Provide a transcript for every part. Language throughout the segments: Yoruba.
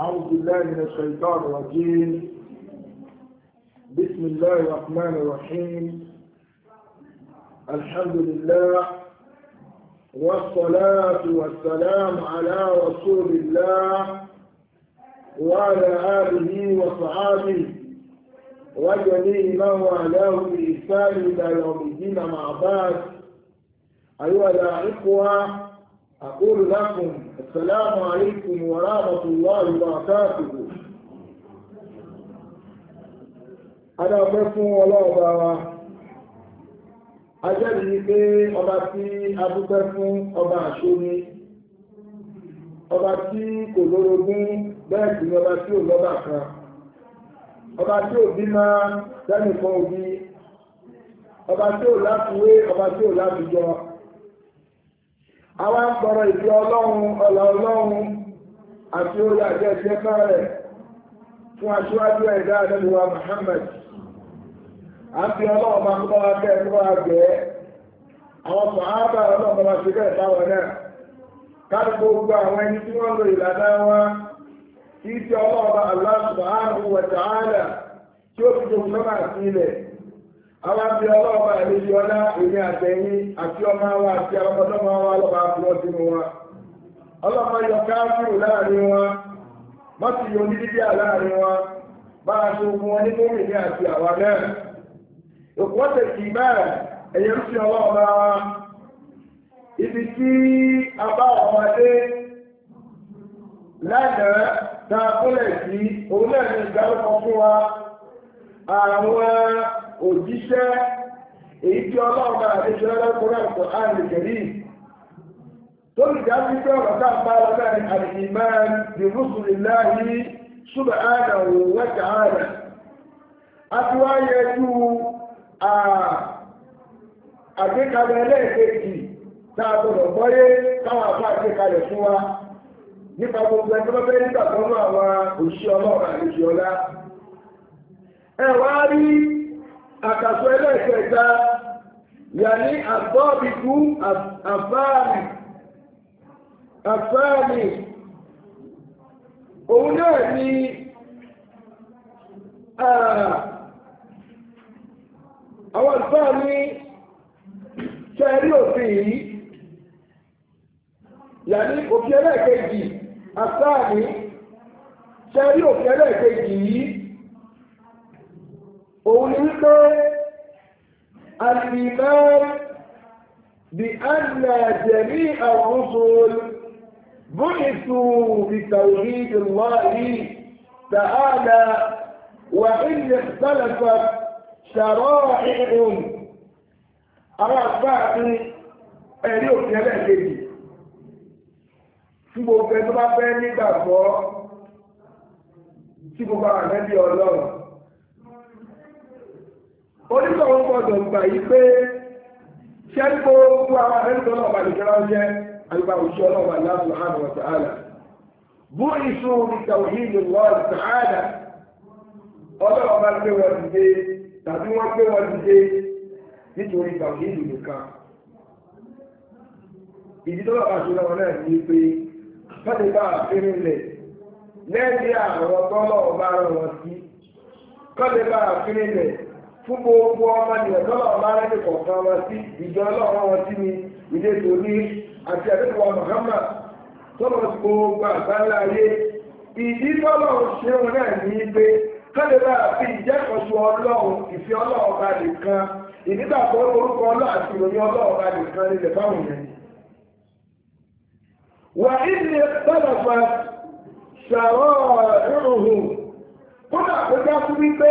أعوذ بالله من الشيطان الرجيم بسم الله الرحمن الرحيم الحمد لله والصلاة والسلام على رسول الله وعلى آله وصحابه وجميع من والاه بإحسان إلى يوم الدين مع بعض أيها الأخوة أقول لكم السلام عليكم ورحمة الله وبركاته أنا أبقى والله ajẹ́rìí ni pé ọba tí a dúpẹ́ fún ọba àṣóni ọba tí kò lórogún bẹ́ẹ̀ sì ni ọba tí ò lọ́ba kan ọba tí ò bímọ sẹ́nìkan òbí ọba tí ò láfiwé ọba tí ò láfijọ́ àwa ń tọrọ ìfẹ́ ọlọ́run ọ̀là ọlọ́run àti orí àjẹ́ ìjẹ́fẹ́ rẹ̀ fún aṣíwájú ẹ̀dá àdẹ́lúwa ń wa bẹ́ẹ̀ ní wàá bẹ́ẹ̀ àwọn ọlọ́run máa ṣe bẹ́ẹ̀ táwọn náà tí wọ́n lo ìlànà àwọn àbí ọlọ́ọ̀bá ìlú ọlá èmi àtẹ̀yìn àti ọmọ wa àti ọmọdọ́mọ wa lọ́ba àbúrò sínú wa ọlọ́mọ yọ káàkiri láàrin àláàrin bá a ṣe ogun wọn ní àti àwa náà òkú ọ̀sẹ̀ kì í bẹ́ẹ̀ ẹ̀yẹ ń fi ọlọ́ọ̀bá wa ibi tí a bá ọmọdé ta sí òun náà ní òjíṣẹ́ èyí tí ọlọ́run bá àdéṣe tó lè dá sí pé ọ̀rọ̀ tá a bá lọ náà ní àdìmọ́ bí rúṣùlì láàyè ṣùgbọ́n òun wẹ́tà àná a ti wá yẹjú àgbékalẹ̀ ẹlẹ́ẹ̀kejì tá a gbọdọ̀ gbọ́yé àbá àgbékalẹ̀ àkàsọ ẹlẹ́ẹ̀kẹta yà ní àbọ́bìkú àfáàmì àfáàmì òun náà ni àwọn àfáàmì tẹ́rí òfin yìí yà ní òfin ẹlẹ́ẹ̀kejì àfáàmì tẹ́rí òfin ẹlẹ́ẹ̀kejì yìí òun ni wípé alìmọ́ bí anna jẹ̀mí àwọn rusul bùnìtù bitawhid Allahi ta'ala wà ní ìsàlẹ̀fà ṣàrọ̀ ìrùn àwọn àgbà ẹ̀rí òfin ẹlẹ́ẹ̀kejì tí gbogbo ẹgbẹ́ bá fẹ́ nígbàgbọ́ tí gbogbo àwọn ẹgbẹ́ ọlọ́run onítọ̀wọ́ gbọ́dọ̀ gbà yí pé ṣé gbogbo àwọn ẹ̀ńtọ́ náà nìkan ránṣẹ́ àgbà òṣìṣẹ́ ọlọ́ọ̀bà Allah subhanahu wa ta'ala bú ìṣú ìtàwíìlì lọ́ọ̀lù ta'ala ọlọ́ọ̀bà bá gbé wọn dìde tàbí wọ́n gbé wọn dìde nítorí ìtàwíìlì nìkan ìdí tó bàbá ṣe lọ́wọ́ náà ní pé wọ́n bá àfihàn lẹ̀ lẹ́yìn àwọn tọ́lọ̀ rẹ̀ wọ́n sí kọ́lé bá àfihàn lẹ̀ fún gbogbo ọmọ nìyẹn tọ́lọ̀ ọba rẹ̀ kọ̀ọ̀kan wọn sí ìjọ ọlọ́run wọn sí ni ilé tòní àti àdéhùwà Muhammad tọ́lọ̀ gbogbo àgbáńlá ayé ìdí tọ́lọ̀ ṣeun náà ní pé kọ́lé bá fi ìjẹ́kọ̀ọ́sọ ọlọ́run ìfẹ́ ọlọ́run ọba nìkan ìdígbàgbọ́ orúkọ ọlọ́run àti ìròyìn ọlọ́run ọba nìkan nílẹ̀ fáwọn yẹn. wà ní tọ́lọ̀fà ṣàrọ̀ ẹ̀rùn hù kódà kó dá fún wípé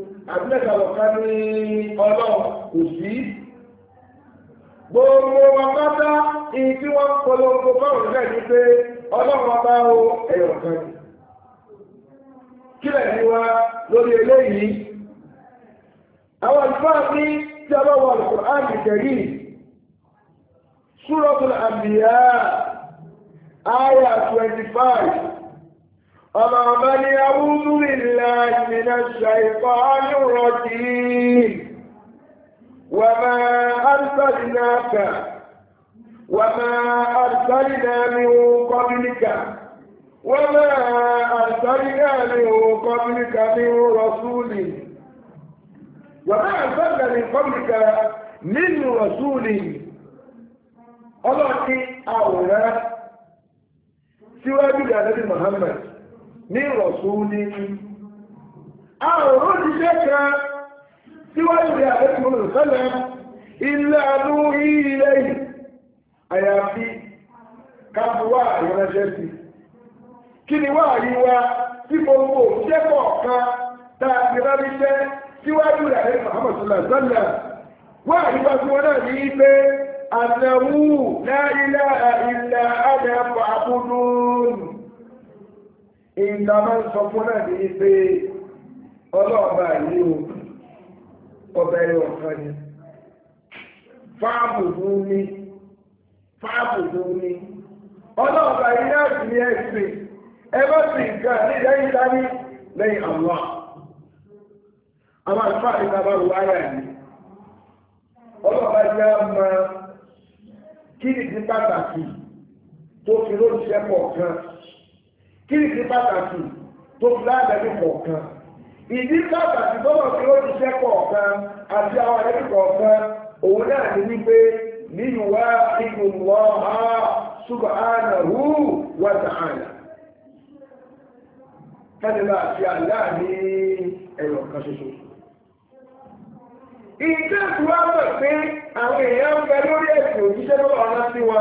àbílẹ̀kàlọ̀ká ní ọlọ́run kò sí gbogbo wọn pátá ibi tí wọ́n polongo fáwọn ìrẹ́ ní pé ẹ̀yọ̀ kan kílẹ̀ ní wa lórí eléyìí àwọn ìfáà ní tí a bá wọ أمن يعوذ بالله من الشيطان الرجيم وما أرسلناك وما أرسلنا من قبلك وما أرسلنا من قبلك من رسول وما أرسلنا من قبلك من رسول الله أولى سوى بلاد محمد ní ìrọ̀sùn ní àrùn òjíṣẹ́ kan síwájú rẹ̀ àdẹ́kùn olùsẹ́lẹ̀ ilẹ̀ àdú ilẹ̀ àyàfi káàkùwà ìrọ̀lẹ́ṣẹ́ sí kí ni wà ríwá tí gbogbo òṣìṣẹ́ kọ̀ọ̀kan tààkì ráríṣẹ́ síwájú rẹ̀ àdẹ́kùn láìláà ilẹ̀ àdẹ́kùn àbúdùn ìgbà máa ń sọ fún náà ní pé ọlọ́ọ̀bá yìí o ọbẹ̀ rẹ̀ ọ̀kan ni fáàbùdù ni fáàbùdù ni ọlọ́ọ̀bá yìí náà sì ní ẹ̀sìn ẹ bá sì nǹkan ní lẹ́yìn dání lẹ́yìn àwọn àwọn àlùfáà ní bàbá wù ara yìí ọlọ́ọ̀bá yìí náà máa kí ni ti pàtàkì tó fi lóṣìṣẹ́ pọ̀ kan kí ìdí pàtàkì tó fi kọ̀ọ̀kan ìdí pàtàkì tó lọ sí òṣìṣẹ́ kọ̀ọ̀kan àti àwọn ẹ̀rí kọ̀ọ̀kan òun náà ní wípé níyùwá ìgbòmọ̀ ha subhanahu wa ta'ala kẹ́lẹ̀ máa fi àlá ní ẹ̀rọ kan ṣoṣo ìjẹ́ ìtura mọ̀ pé àwọn èèyàn ń bẹ lórí ẹ̀sìn òjíṣẹ́ lọ́wọ́ ọ̀rá sí wa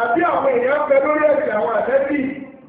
àbí àwọn èèyàn ń bẹ lórí ẹ̀sìn àwọn àtẹ́bí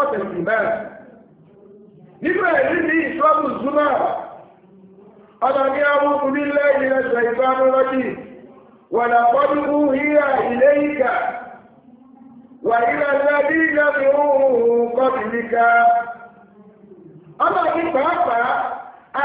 wọ́tẹ̀sìmẹ́ nínú ẹ̀rí ní ìṣọ́bù zuma ọ̀nà ní àwọn ọkùnrin lẹ́yìn ẹ̀ṣẹ̀ ìbámu lọ́jì wọ̀nà pọ́dúkú híyà ilé ìkà wà ilẹ̀ ẹ̀lẹ́bí lẹ́bí ohun kọ́bìlíkà ọmọ ní pàápàá a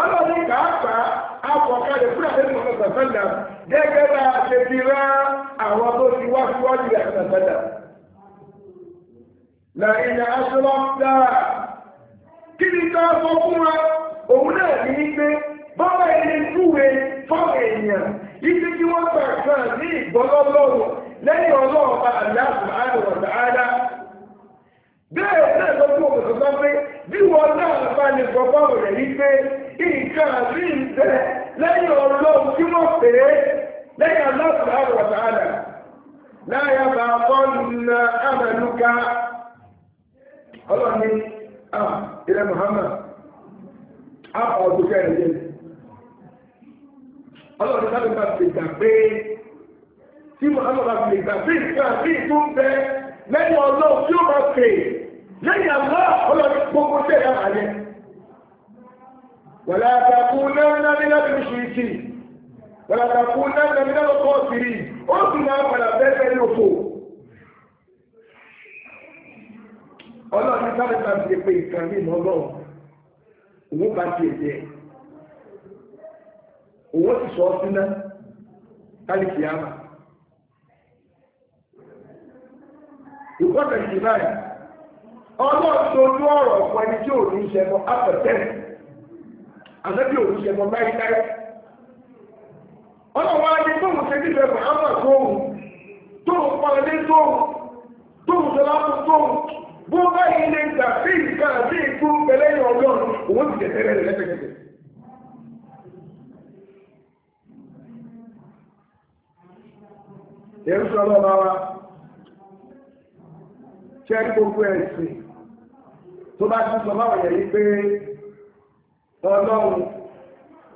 ọlọ́run pàápàá àpọ̀kalẹ̀ fún àdéhùn ọmọ sàfẹ́là gẹ́gẹ́ bá a ṣe ti rá àwọn tó ti wá síwájú rẹ̀ sàfẹ́là. làìnà aṣọ́lọ́pàá kí ni ká sọ fún wa òun náà ní í pé bọ́lá ẹni túwe fọ́ọ̀mù èèyàn ibi tí wọ́n gbà kan ní ìgbọ́lọ́lọ́rùn lẹ́yìn ọlọ́ọ̀pá àdáàbò àrùn ọ̀dà bẹ́ẹ̀ bẹ́ẹ̀ lọ́dún òkùnkùn kan pé bí wọ́n náà bá lè sọ fọ́ọ̀mù rẹ̀ pé nǹkan àbí ìbẹ̀ lẹ́yìn ọlọ́run tí wọ́n pè é lẹ́yìn aláàbùrá wọ̀tá àlà láyà bá bọ́ọ̀lù na àmàlúkà ọlọ́ni ilẹ̀ Muhammad àpọ̀ ọdún kẹrin yẹn ọlọ́run sábẹ́ bá ti gbà pé tí Muhammad bá ti gbà pé nǹkan àbí ìtú ń bẹ lẹ́yìn ọlọ́run tí ó bá pè lẹ́yìn àlọ́ ọlọ́run gbogbo tẹ̀lé àyẹ̀. ولا تكونن من المشركين ولا تكونن من القاصرين قلنا ولا تكن لفو ọlọ́run sáré ta ti pé ìkan ní ìmọ̀ ọlọ́run òun bá ti èdè òun ti sọ ọ́ síná kálíkì àmà ìkọ́tẹ̀ ìdìbà ọlọ́run tó lú ọ̀rọ̀ ọ̀pọ̀ ẹni tí ò ní ṣẹ́gun apẹ̀tẹ́rì ànábì òun ṣe mọ láíláí ọ̀nà wa ni tóun ṣe nífẹ̀ẹ́ mọ̀hámà tóun tóun pàdé tóun tóun ṣọlá fún bó báyìí lè gbà sí nǹkan àti ìkú pẹlẹ́yìn ọlọ́run òun ti tẹ̀lé rẹ̀ lẹ́sẹ̀kẹsẹ̀. ọlọ́run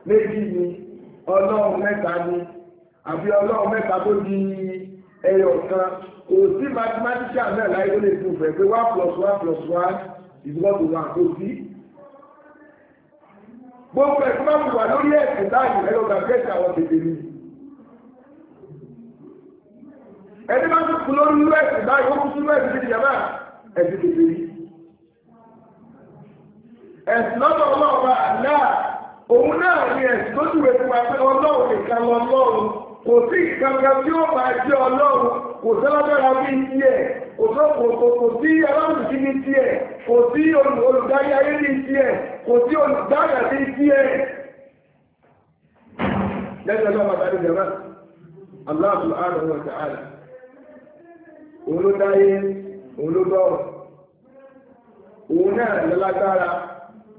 méjì ni ọlọ́run mẹ́ta ni àbí ọlọ́run mẹ́ta tó di ẹyọ kan kò sí mathematician náà láyé ó lè fún fẹ́ pé one plus one plus one is equal to one kò sí. gbogbo ẹ̀kọ́ máa ń wà lórí ẹ̀sìn báyìí ẹ̀rọ gàgẹ́sì àwọn tètè mi. ẹni máa ń kú lórí ẹ̀sìn báyìí ó kú sínú ẹ̀sìn tètè yàrá ẹ̀sìn tètè yìí ẹ̀sìn lọ́dọ̀ ọlọ́ọ̀bá àlá òun náà ni ẹ̀sìn tó dùn ètò wa pé ọlọ́run nìkan lọ ọlọ́run kò sí ìkankan tí ó máa jẹ́ ọlọ́run kò sọ́lọ́dọ́ra bí tiẹ̀ kò sí aláwùjọ ní tiẹ̀ kò sí olùdarí ayé ní tiẹ̀ kò sí olùdarí ní tiẹ̀. lẹ́sẹ̀ lọ́wọ́ àtàrí jẹ̀mọ́ aláàbò àrùn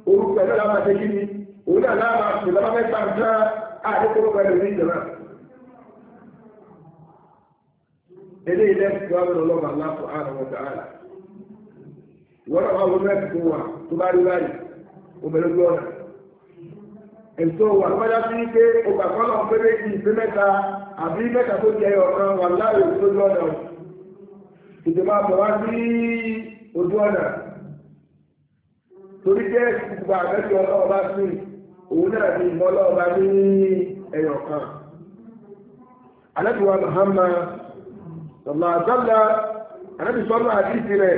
orúkọ ẹ̀rọ làwọn àti kí ni òun náà láwọn àti lọ́wọ́ mẹ́ta ń dá àdékòrò pẹ̀lú ní ìjọba. ilé ilé ẹ̀sìn wa lọ́wọ́ lọ́wọ́ aláfọ̀ àrùn ọ̀gá àlà. ìwọ́n náà wà wọ́n mẹ́tì tó wà tó bá rí báyìí obìnrin gbọ́ ọ̀nà. èso wà lọ́wọ́dá sí pé ọgbà kọ́nà péré ní ìpín mẹ́ta àbí mẹ́ta tó jẹ ọ̀kan wà láàyè ojú ọ̀nà. ìjọba àbọ̀ wá sí ojú ọ̀nà. torí jẹ́ gbogbo àgbẹ̀bí ọlọ́ọ̀bá sí òun náà ní ìmọ̀ ọlọ́ọ̀bá ní ẹ̀yọ̀ kan. Àlẹ́bíwá Muhammad sallallahu alaihi wasallam sọ́nà àdìsí rẹ̀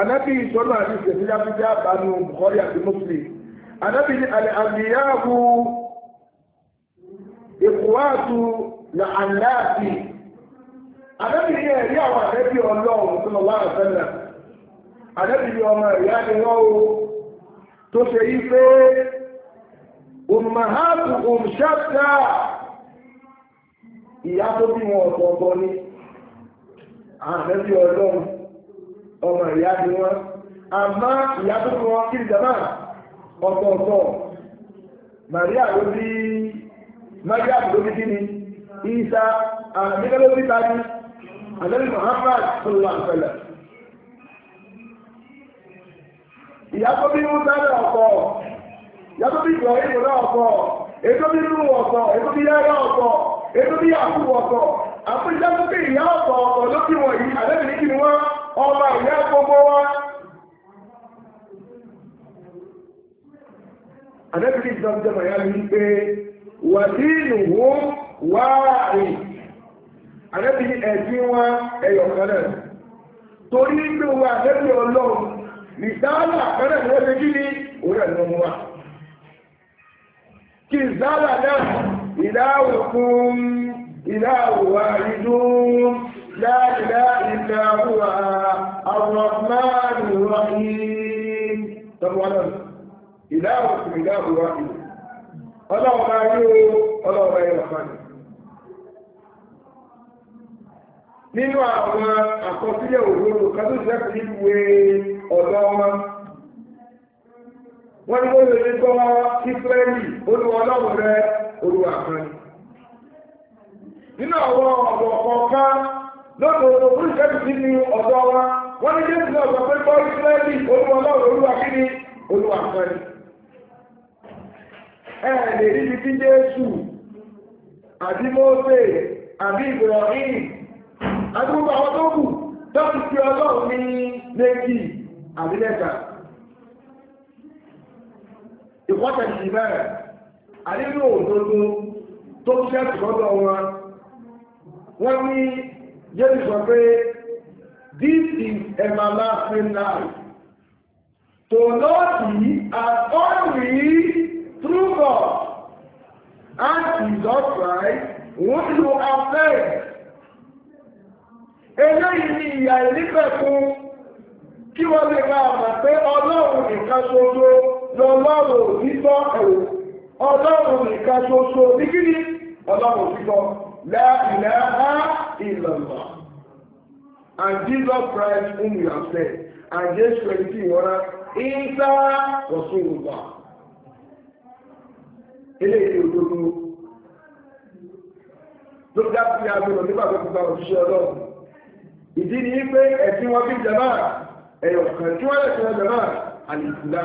àlẹ́bí sọ́nà àdìsí rẹ̀ síjá fíjá bánu Bukhari àti Muslim. Àlẹ́bí ní àlẹ́ àbíyáàbù ìkùwàtù nà àláàfì. Àlẹ́bí ní ẹ̀rí àwọn àlẹ́bí ọlọ́run sallallahu ọmọ ìyá ni wọ́n tó ṣe yí pé ummahatu umṣata ìyá tó bí wọn ọ̀pọ̀ọ̀pọ̀ ni àmẹ́bí ọlọ́run ọmọ ìyá ni wọ́n àmá ìyá tó bí wọn kí ìjọba ọ̀pọ̀ọ̀pọ̀ Maria ló bí Maria ló bí kí ni Isa àmì ló bí tani àlẹ́ Muhammad sallallahu alaihi wasallam ìyá bí mú sáré ọ̀pọ̀ ìyá bí ìjọ ìbò náà ọ̀pọ̀ ètò bí lú ọ̀pọ̀ ètò bí yára ọ̀pọ̀ ètò bí àkú ọ̀pọ̀ àpéjọ ìyá ọ̀pọ̀ ọ̀pọ̀ ló bí wọ̀nyí àlẹ́bí ní ìyá gbogbo wa. ní ìjọba pé ní rìsáàlà fẹ́rẹ̀ ni wọ́n ṣe kí ni òun rẹ̀ ló mú wa. kí rìsáàlà náà ìdáwò fún ìdáwò wa ìdún láìlá ìdáwò wa àwọ̀mọ́rùn rahim tọ́wọ́nà ìdáwò fún ìdáwò wa nínú àwọn àkọsílẹ̀ òwúrò kan tó ọ̀dọ́ wọn wọ́n ní wọ́n lè gbọ́ Ísírẹ́lì olúwa ọlọ́run rẹ olúwa kan nínú àwọn ọ̀dọ̀ kọ̀ọ̀kan lọ́dọ̀ òun ìṣẹ́bí sí ní ọ̀dọ́ wa wọ́n ní jésù náà sọ pé gbọ́ Ísírẹ́lì olúwa ọlọ́run olúwa kí ni olúwa kan ẹ lè rí ibi tí jésù àbí àbí gbogbo àwọn tó kù tó ti fi àbílẹ̀kà ìkọ́tẹ̀ sí bẹ́ẹ̀ àdínú òdodo tó ṣẹ́ tìkọ́dọ̀ wọn wọ́n ní jésù sọ pé this is everlasting life to know thee as only through God and Jesus Christ wọ́n lo afẹ́ eléyìí ni ìyà ìlípẹ̀kún kí wọ́n lè máa mọ̀ pé ọlọ́run nìkan ṣoṣo lọ́lọ́run nígbọ́ ẹ̀wò ọlọ́run nìkan ṣoṣo ní kí ni ọlọ́run nígbọ́ la ilaha illallah and Jesus Christ whom you have said and Jésù ẹni tí ìwọ́n rán ìta Rasulullah eléyìí òdodo ló dá sí agbèrò nígbà tó ti gba òṣìṣẹ́ ọlọ́run ìdí ni pé ẹ̀sìn wọn bí jẹ náà ẹ̀yọ̀ kan tí wọ́n lè fi ọjọ́ náà àlìsílá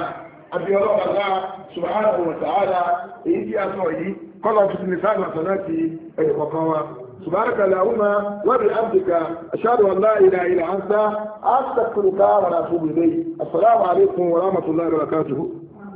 àbí ọlọ́pàá náà subhanahu wa ta'ala èyí tí a sọ yìí kọ́lọ̀ tuntun ní sáà nàṣọ náà ti ẹ̀yọ̀ kọ̀ọ̀kan wa سبحانك اللهم وبحمدك أشهد أن لا إله إلا أنت أستغفرك وأتوب إليك السلام عليكم ورحمة الله وبركاته